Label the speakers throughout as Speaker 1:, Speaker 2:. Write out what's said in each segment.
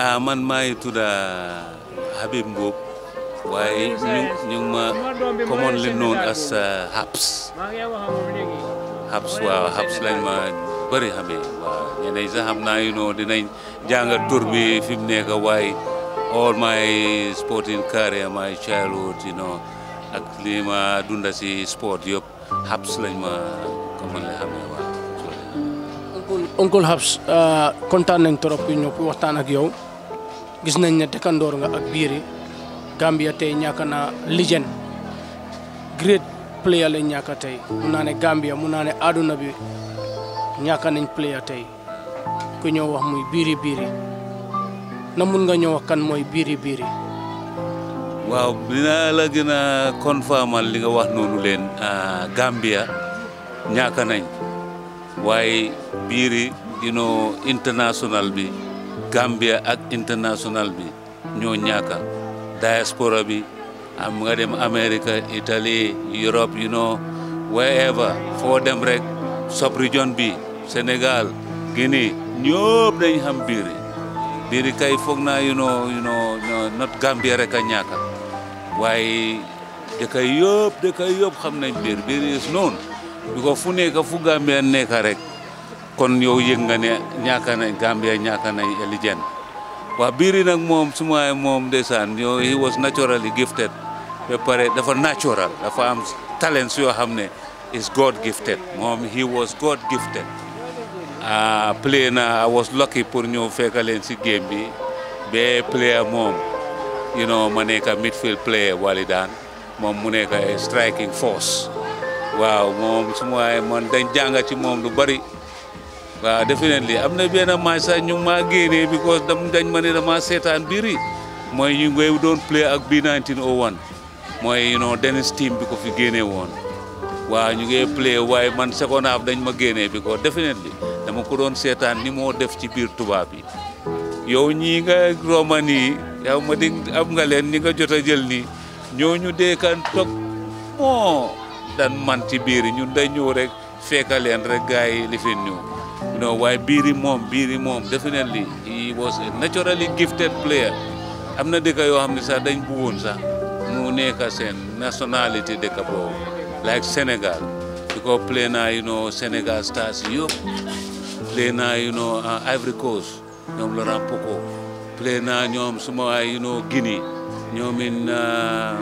Speaker 1: a ah, man maa ngi tudd Habib Mboup waaye ñu ñu ma commonly known as ah, Habs
Speaker 2: Habs waaw Habs ma
Speaker 1: bëri xamee waaw ñeneen sax naa yu noo dinañ jàng tur bi fi mu nekk waaye all my sporting career my childhood you know ak ma dunda si sport yëpp Habs lañ ma commonly xamee waaw. oncle Habs ah, kontaan nañ trop ñëpp waxtaan ak yow. gis nañ ne dëkkandoor nga ak biiri Gambia tey ñàkk na legend great player lañ tey mun naa ne Gambia mun naa ne àdduna bi ñàkk nañ player tey ku ñëw wax muy biiri biiri na mun nga ñëw wax kan mooy biiri biiri waaw dinaa la gën a confirmal li nga wax noonu leen ah, Gambia ñaaka nañ waaye biiri you know international bi Gambia ak international bi ñoo ñaaka diaspora bi am nga dem America Italy Europe you know dem rek sub region bi senegal Guinée ñëpp dañ xam biiri biiri kay foog na you know you know not Gambia rek a ñaaka waaye dëkka yëpp dëkka yëpp xam nañ biir biiri is noonu bi fu nekk fu Gambia nekka rek kon yow yëg nga ne ñàkk nañ Gambia ñàkk nañ Ely Dieng waa biiri nag moom suma moom ndeysaan yow he was naturally gifted ba pare dafa natural dafa am si yoo xam ne is God gifted moom he was God gifted ah play na I was lucky pour ñëw fekk si game bi ba player moom you know ma nekk midfield player Walidaan moom mu nekk striking force waaw moom suma man dañ jànga ci moom lu bari. waaw definitely am na benn match sax ñu maa génnee because dañ ma ne dama seetaan biiri mooy ñu ngay doon play ak bi 1901 mooy noo know Dennis team bi ko fi génnee woon waa ñu ngay play waaye man second half dañ ma génnee because definitely dama ko doon seetaan ni moo def ci biir tubaab yi yow ñii nga roman ni yow ma di am nga leen ñi nga jot a jël nii ñooñu deekan toog moo dan man ci biir ñu dañ ñëw rek fekka leen rek gars yi lifin ñëw no waaye biiri moom biiri moom definitely he was a naturally gifted player am na dëkk yoo xam ne sax dañ bëggoon sax mu nekk seen nationalité dëkk boobu like Sénégal di ko naa you know Sénégal stars naa you know uh, ñoom Laurent Poko play naa ñoom suma ay you know ñoom in uh,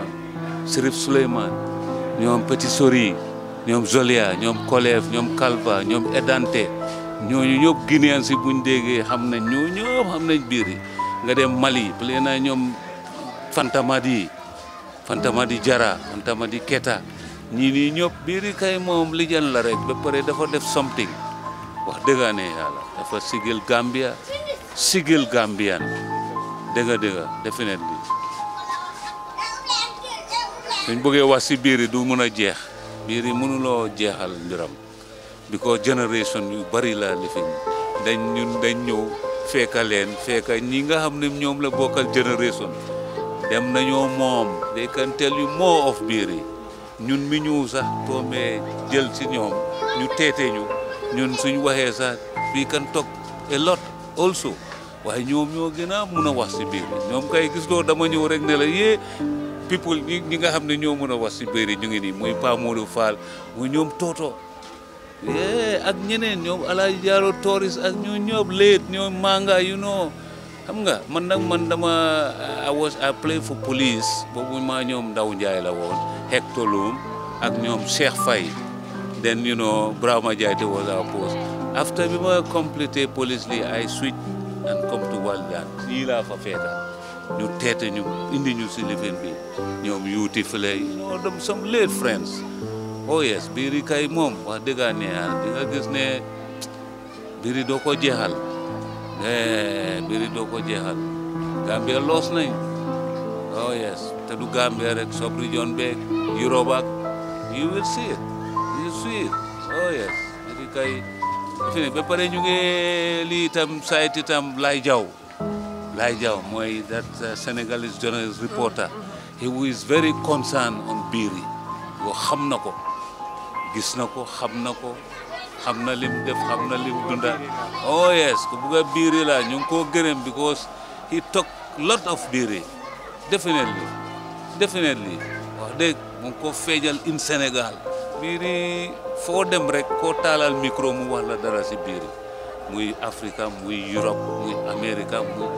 Speaker 1: Serif Souleymane ñoom Petit ñoom Jolia ñoom Kolev ñoom Kalva ñoom Edante ñooñu ñëpp guinéen si buñ déggee xam nañ ñoo ñëpp biir nga dem mali plee naa fantamadi fantamadi jara fantamadi keta ñii ni ñëpp biir yi kay moom lijal la rek ba pare dafa def something wax dëggaane yàlla dafa sigil gambia sigil gambian dega-dega, definitely suñ bëggee wax si biir yi du mun a jeex biir yi because génération yu bari laa lifin ñu dañ ñëw fekka leen fekka ñi nga xam ne ñoom la bokkal génération dem nañoo moom they can tell you more of Biri ñun mi ñu sax toomee jël ci ñoom ñu teete ñu ñun suñ waxee sax we can talk a lot also waaye ñoom ñoo gën a mun a wax si Biri ñoom kay gis loo dama ñëw rek ne la yee people ñi nga xam ne ñoo mun a wax si Biri ñu ngi nii muy Pa Modou Fall muy ñoom Toto Eh, ak ñeneen ñoom Alaaji Jaaro Toris ak ñoo ñëpp léet ñoom manga you know xam nga man nag man dama I was I play for police boobu maa ñoom Ndaw Njaay la woon Hector ak ñoom Cheikh fay then you know Brahma Jaite was our post after bi ma complété police li I switch and come to Walda lii laa fa feeta ñu teete ñu indi ñu si living bi ñoom yuuti fële you know some late friends o oh, yes biir kay moom wa dëgg ne yàlla di nga gis ne biir doo ko jeexal biir yi doo ko jeexal Gambia loos nañ oh yes te du Gambia rek sub region beeg Europe ak you will it you see it oh yes biir kay fi ne pare ñu ngi itam sayt itam lay jaw lay jaw mooy that uh, Senegalese journalist reporter he is very concerned on biir yi xam na ko gis na ko xam na ko xam na lim def xam na lim dundal oh yes ku bugg a biiri la ñu ngi koo gërëm because he took lot of biiri definitely definitely wax dëgg mu ko feejal in Sénégal biiri foo dem rek koo taalal micro mu wax dara si biiri muy Afrique muy Europe muy Amérique muy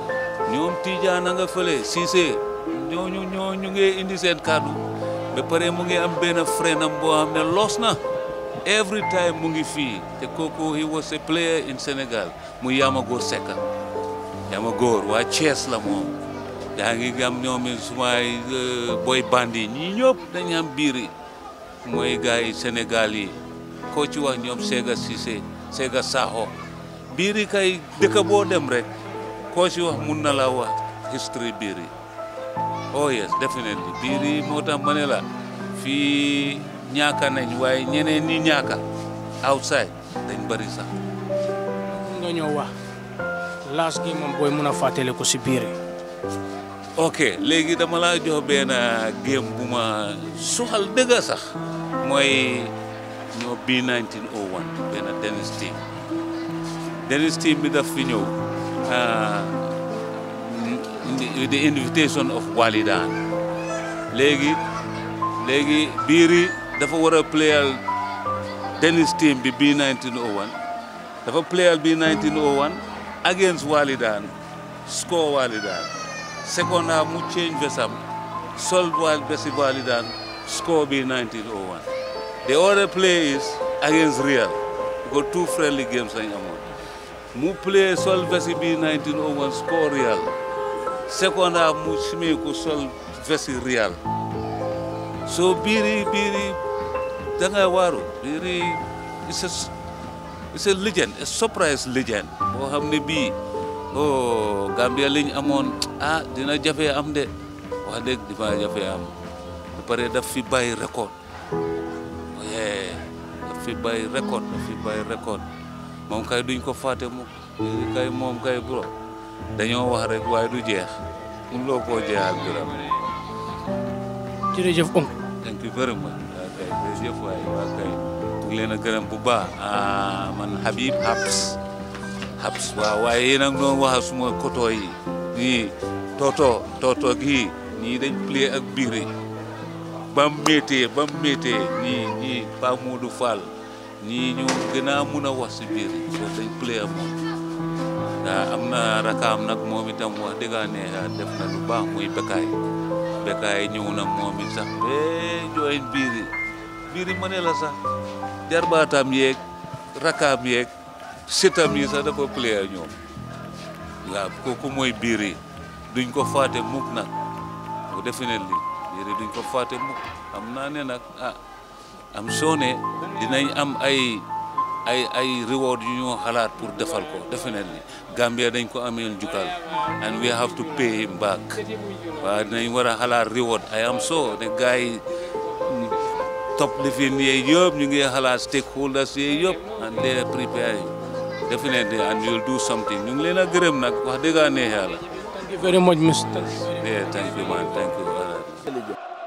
Speaker 1: ñoom Tijaan a nga fële Cissé ñooñu ñoo ñu ngi indi seen ba pare mu ngi am benn friend am boo xam ne loos na every time mu ngi fii te kooku he was a player in Sénégal mu Yamagor Secka Yamagor waa Thiès la moom yaa ngi am ñoom sumaay euh, boy bandi ñi ñëpp dañu am biir yi mooy gars yi Sénégal yi koo ci wax ñoom Sega Cissé Sega Sakho biir kay dëkk boo dem rek koo ci wax mun na la wax o oh yes definitely biir moo tax ne la fii ñaaka nañ waaye ñeneen ñi ñaaka outside dañ bari sax. nga ñoo wax laas gi moom booy mun a fàttali ko si biir ok léegi dama laa jox benn game bu ma soxal dëgg sax mooy ñoo bii wan oh benn Dennis team Dennis team bi daf fi ñëw. Ah, with the invitation of Walidan legi, legi, Biri dafa war a tennis team B bii 1901 dafa player B 1901 against Walidan score Walidan second half we change Vesam solve wal besi Walidan score B 1901 the other play is against Real Got two friendly games am on. We play solve besi B 1901 score Real ce qu'on a mouchimé au sol versé réel. So biri biri dengan waru biri is a is a legend a surprise legend. Bo oh, hamni bi oh Gambia liñ amon ah dina jafé amde, de wax deug dina am. Bu paré fi bay record. Oh yeah daf fi bay record daf fi bay record. Mom kay duñ ko faté mo kay mom kay bro dañoo wax rek waaye du jeex mënuloo koo jeexal bi ram jërëjëf onk dank vëre ma waakay jërëjëf waay waakay ngi leen a gërëm bu baax man Habib haps haps waaw waaye yéen ak noonu waxal suma koto yi nii toto toto gi ni dañ plie ak biiri bam métee bam métee nii ni pas moodu fall nii ñu gën a wax si biir dañ plie ak am na rakaam nag moom itam wax dëgg ne def na lu baax muy bekkaay bekkaay ñëw na moom it sax ba jooy biiri biiri ma ne la sax jarbaataam yeeg rakaam yeeg sitam yi sax dafa playa ñoom waaw kooku mooy biiri duñ ko faate mukk nag bu defe ne lii biiri duñ ko faate mukk am naa ne nag ah am soone dinañ am ay ay ay reward yu ñoo xalaat pour defal ko definitely Gambia dañ ko amé jukal, and we have to pay him back waaw dinañ war a xalaat reward I am so the guy top li fi nii you ñu ngi xalaat stakeholders yi yëpp and they are preparing definitely and you'll do something ñu ngi leen a gërëm nag wax dëgg neex halal. Thank you very much, Mr. Yeah, thank you, man. Thank you.